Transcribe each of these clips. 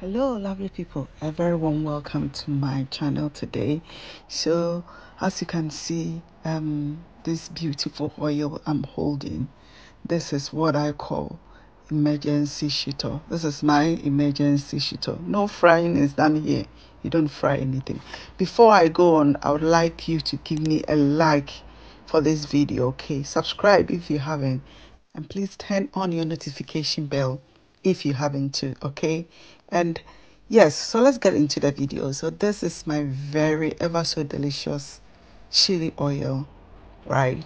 hello lovely people a very warm welcome to my channel today so as you can see um this beautiful oil i'm holding this is what i call emergency shito this is my emergency shito no frying is done here you don't fry anything before i go on i would like you to give me a like for this video okay subscribe if you haven't and please turn on your notification bell if you haven't too okay and yes so let's get into the video so this is my very ever so delicious chili oil right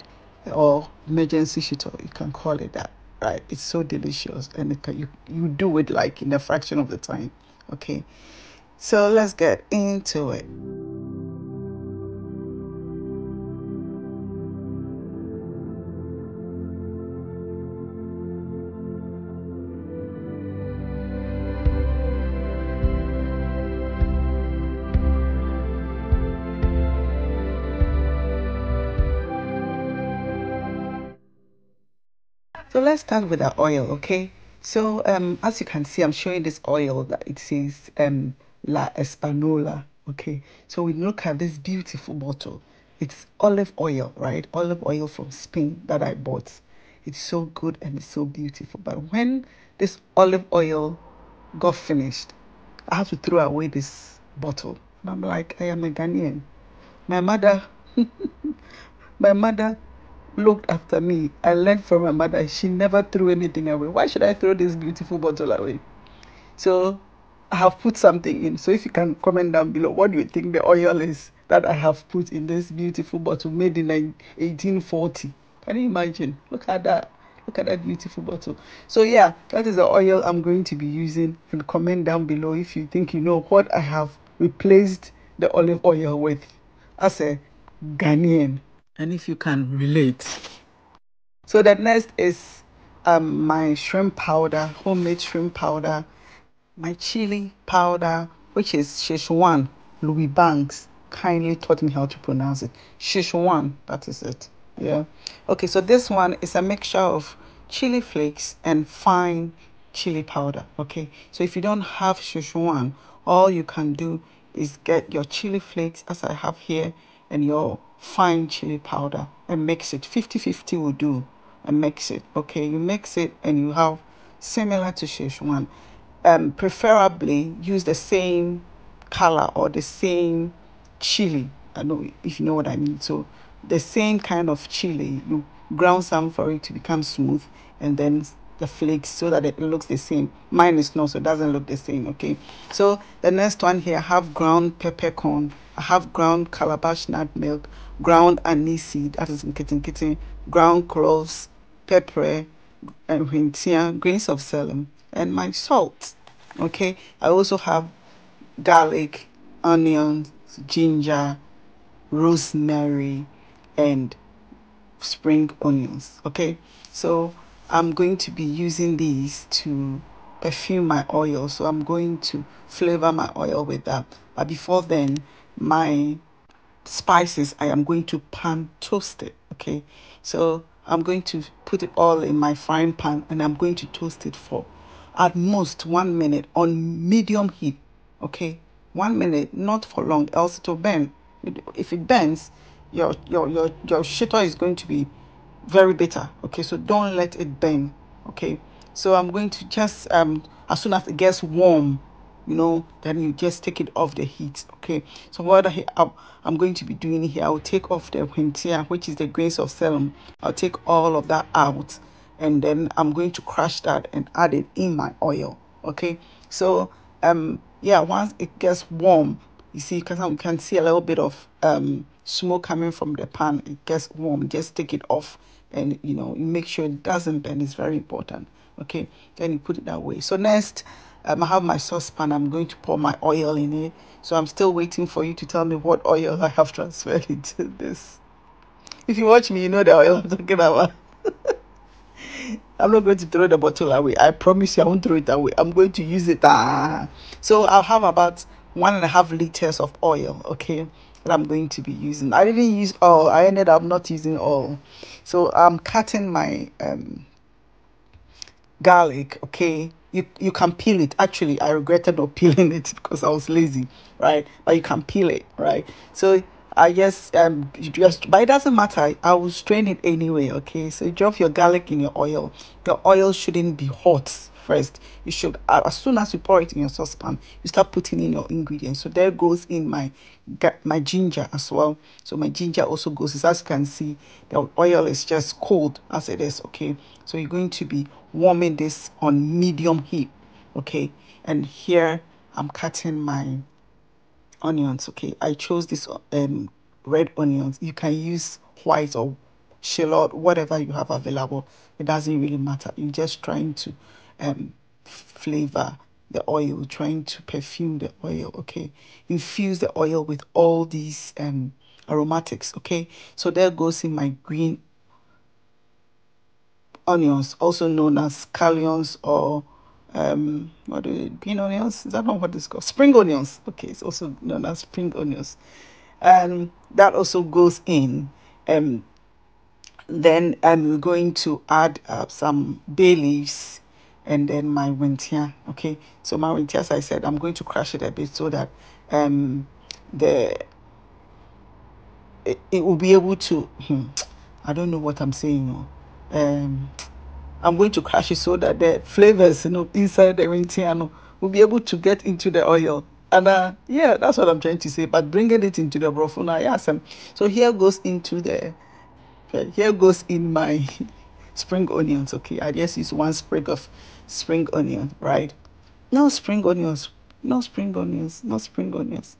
or emergency shit you can call it that right it's so delicious and can, you you do it like in a fraction of the time okay so let's get into it So let's start with our oil, okay? So um, as you can see, I'm showing this oil that it says um, La Espanola, okay? So we look at this beautiful bottle. It's olive oil, right? Olive oil from Spain that I bought. It's so good and it's so beautiful. But when this olive oil got finished, I had to throw away this bottle. And I'm like, I am a Ghanaian. My mother, my mother looked after me. I learned from my mother. She never threw anything away. Why should I throw this beautiful bottle away? So I have put something in. So if you can comment down below, what do you think the oil is that I have put in this beautiful bottle made in 1840? Can you imagine? Look at that. Look at that beautiful bottle. So yeah, that is the oil I'm going to be using. You comment down below if you think you know what I have replaced the olive oil with as a Ghanaian and if you can relate. So the next is um, my shrimp powder, homemade shrimp powder, my chili powder, which is Sichuan. Louis Banks kindly taught me how to pronounce it. Sichuan, that is it. Yeah. Okay, so this one is a mixture of chili flakes and fine chili powder. Okay, so if you don't have Sichuan, all you can do is get your chili flakes, as I have here, and your fine chili powder and mix it 50 50 will do and mix it okay you mix it and you have similar to Szechuan um preferably use the same color or the same chili I know if you know what I mean so the same kind of chili you ground some for it to become smooth and then the flakes so that it looks the same. Mine is not, so it doesn't look the same, okay? So the next one here, have ground peppercorn. have ground calabash nut milk, ground anise seed, that is in kitten kitten, ground cloves, pepper, and wintia, grains of celery. and my salt, okay? I also have garlic, onions, ginger, rosemary, and spring onions, okay? So I'm going to be using these to perfume my oil. So I'm going to flavor my oil with that. But before then, my spices, I am going to pan toast it. Okay. So I'm going to put it all in my frying pan and I'm going to toast it for at most one minute on medium heat. Okay. One minute, not for long, else it will burn. If it burns, your your your your shitter is going to be very bitter okay so don't let it burn okay so i'm going to just um as soon as it gets warm you know then you just take it off the heat okay so what I, i'm going to be doing here i'll take off the winter, which is the grains of serum i'll take all of that out and then i'm going to crush that and add it in my oil okay so um yeah once it gets warm you see because I can see a little bit of um smoke coming from the pan it gets warm just take it off and you know make sure it doesn't burn it's very important okay then you put it that way so next um, I have my saucepan I'm going to pour my oil in it so I'm still waiting for you to tell me what oil I have transferred into this if you watch me you know the oil I'm talking about I'm not going to throw the bottle away. I promise you, I won't throw it away. I'm going to use it. Ah. So I'll have about one and a half liters of oil. Okay that I'm going to be using. I didn't use all. I ended up not using all. So I'm cutting my um, garlic, okay? You, you can peel it. Actually, I regretted not peeling it because I was lazy, right? But you can peel it, right? So I just um just but it doesn't matter. I will strain it anyway. Okay, so you drop your garlic in your oil. Your oil shouldn't be hot first. You should as soon as you pour it in your saucepan, you start putting in your ingredients. So there goes in my my ginger as well. So my ginger also goes. As you can see, the oil is just cold as it is. Okay, so you're going to be warming this on medium heat. Okay, and here I'm cutting my onions okay i chose this um red onions you can use white or shallot whatever you have available it doesn't really matter you're just trying to um flavor the oil trying to perfume the oil okay infuse the oil with all these um aromatics okay so there goes in my green onions also known as scallions or um what do they, pin onions is that not what it's called spring onions okay it's also known as spring onions and um, that also goes in um then i'm going to add uh, some bay leaves and then my wintia okay so my wintia as i said i'm going to crush it a bit so that um the it, it will be able to hmm, i don't know what i'm saying oh. um I'm going to crush it so that the flavors, you know, inside the Rentiano will be able to get into the oil. And uh, yeah, that's what I'm trying to say. But bringing it into the broth now, yes. Um, so here goes into the, here goes in my spring onions. Okay, I just use one sprig of spring onion, right? No spring onions, no spring onions, no spring onions.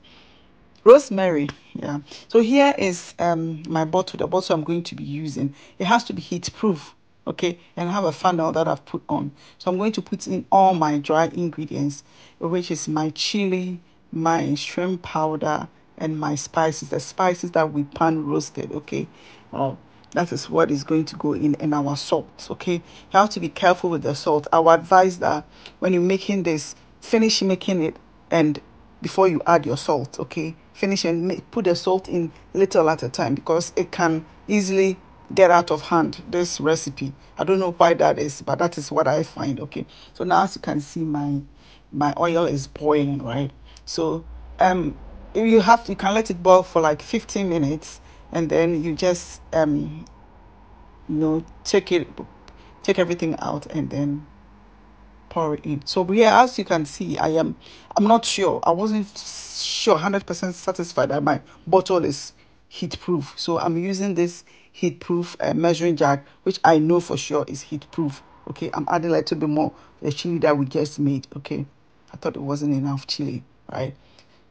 Rosemary, yeah. So here is um my bottle, the bottle I'm going to be using. It has to be heat proof okay and I have a funnel that I've put on so I'm going to put in all my dry ingredients which is my chili my shrimp powder and my spices the spices that we pan roasted okay oh that is what is going to go in in our salt okay you have to be careful with the salt i would advise that when you're making this finish making it and before you add your salt okay finish and make, put the salt in little at a time because it can easily get out of hand this recipe i don't know why that is but that is what i find okay so now as you can see my my oil is boiling right so um you have to, you can let it boil for like 15 minutes and then you just um you know take it take everything out and then pour it in so yeah as you can see i am i'm not sure i wasn't sure 100 percent satisfied that my bottle is heat proof. So I'm using this heat proof uh, measuring jug, which I know for sure is heat proof. Okay, I'm adding a little bit more the chili that we just made. Okay, I thought it wasn't enough chili, right?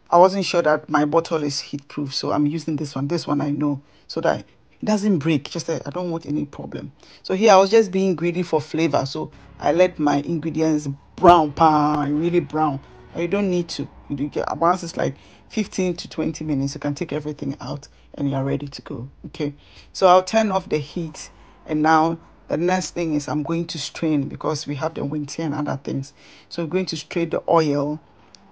I wasn't sure that my bottle is heat proof, so I'm using this one. This one I know so that it doesn't break. Just I don't want any problem. So here I was just being greedy for flavor, so I let my ingredients brown, pan, really brown. I don't need to you get once it's like 15 to 20 minutes you can take everything out and you are ready to go okay so i'll turn off the heat and now the next thing is i'm going to strain because we have the winter and other things so we're going to strain the oil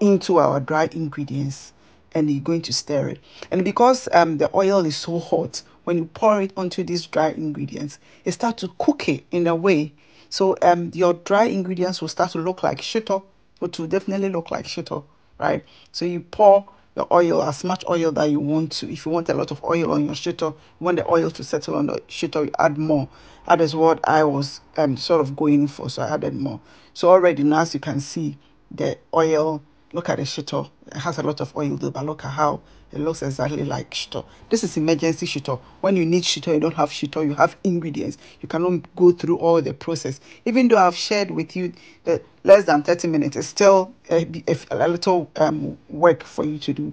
into our dry ingredients and you're going to stir it and because um the oil is so hot when you pour it onto these dry ingredients it starts to cook it in a way so um your dry ingredients will start to look like shito, which will definitely look like shito right? So you pour your oil, as much oil that you want to. If you want a lot of oil on your shooter, you want the oil to settle on the shooter, you add more. That is what I was um, sort of going for, so I added more. So already now, as you can see, the oil Look at the shito. Oh. It has a lot of oil though, but look at how it looks exactly like shito. Oh. This is emergency shito. Oh. When you need shito, you don't have shito, you have ingredients. You cannot go through all the process. Even though I've shared with you that less than 30 minutes, it's still a, a, a little um, work for you to do.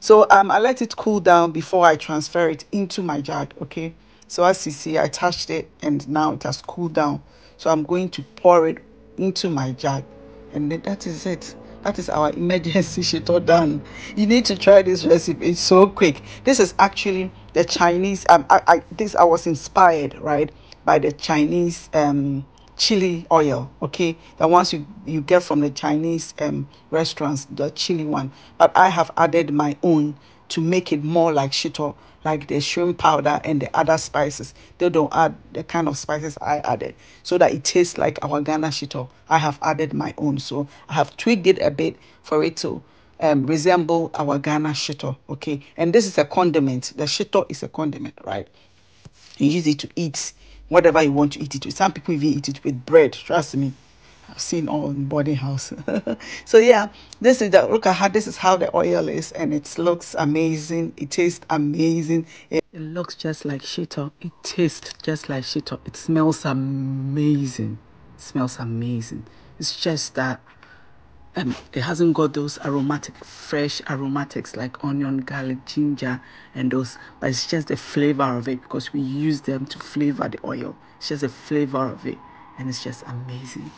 So um, I let it cool down before I transfer it into my jar. okay? So as you see, I touched it and now it has cooled down. So I'm going to pour it into my jar, and that is it. That is our emergency shito done You need to try this recipe. It's so quick. This is actually the Chinese. Um, I, I this I was inspired right by the Chinese um chili oil. Okay, the ones you you get from the Chinese um restaurants, the chili one. But I have added my own to make it more like shito, like the shrimp powder and the other spices. They don't add the kind of spices I added so that it tastes like our Ghana shito. I have added my own. So I have tweaked it a bit for it to um, resemble our Ghana shito. Okay. And this is a condiment. The shito is a condiment, right? You use it to eat whatever you want to eat it with. Some people even eat it with bread. Trust me. I've seen all in boarding house. so yeah, this is the look at how this is how the oil is and it looks amazing. It tastes amazing. It, it looks just like shito. It tastes just like shito. It smells amazing. It smells amazing. It's just that um, it hasn't got those aromatic, fresh aromatics like onion, garlic, ginger, and those. But it's just the flavor of it because we use them to flavor the oil. It's just the flavor of it, and it's just amazing.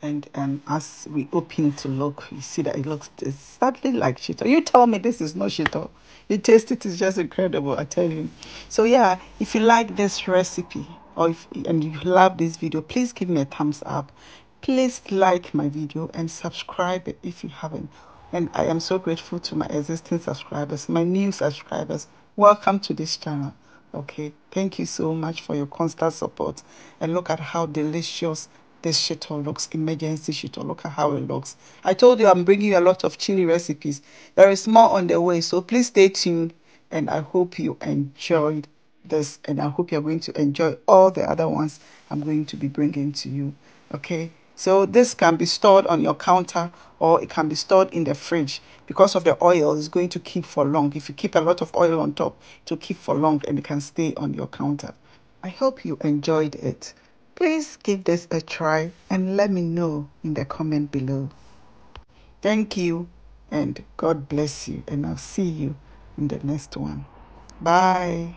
And um, as we open to look, you see that it looks exactly like shito. You tell me this is not shito. Oh. You taste it, it's just incredible, I tell you. So yeah, if you like this recipe or if, and you love this video, please give me a thumbs up. Please like my video and subscribe if you haven't. And I am so grateful to my existing subscribers, my new subscribers. Welcome to this channel. Okay, thank you so much for your constant support. And look at how delicious this shiton looks, emergency shiton. Look at how it looks. I told you I'm bringing you a lot of chili recipes. There is more on the way, so please stay tuned. And I hope you enjoyed this. And I hope you're going to enjoy all the other ones I'm going to be bringing to you. Okay? So this can be stored on your counter or it can be stored in the fridge because of the oil it's going to keep for long. If you keep a lot of oil on top, to keep for long and it can stay on your counter. I hope you enjoyed it. Please give this a try and let me know in the comment below. Thank you and God bless you and I'll see you in the next one. Bye.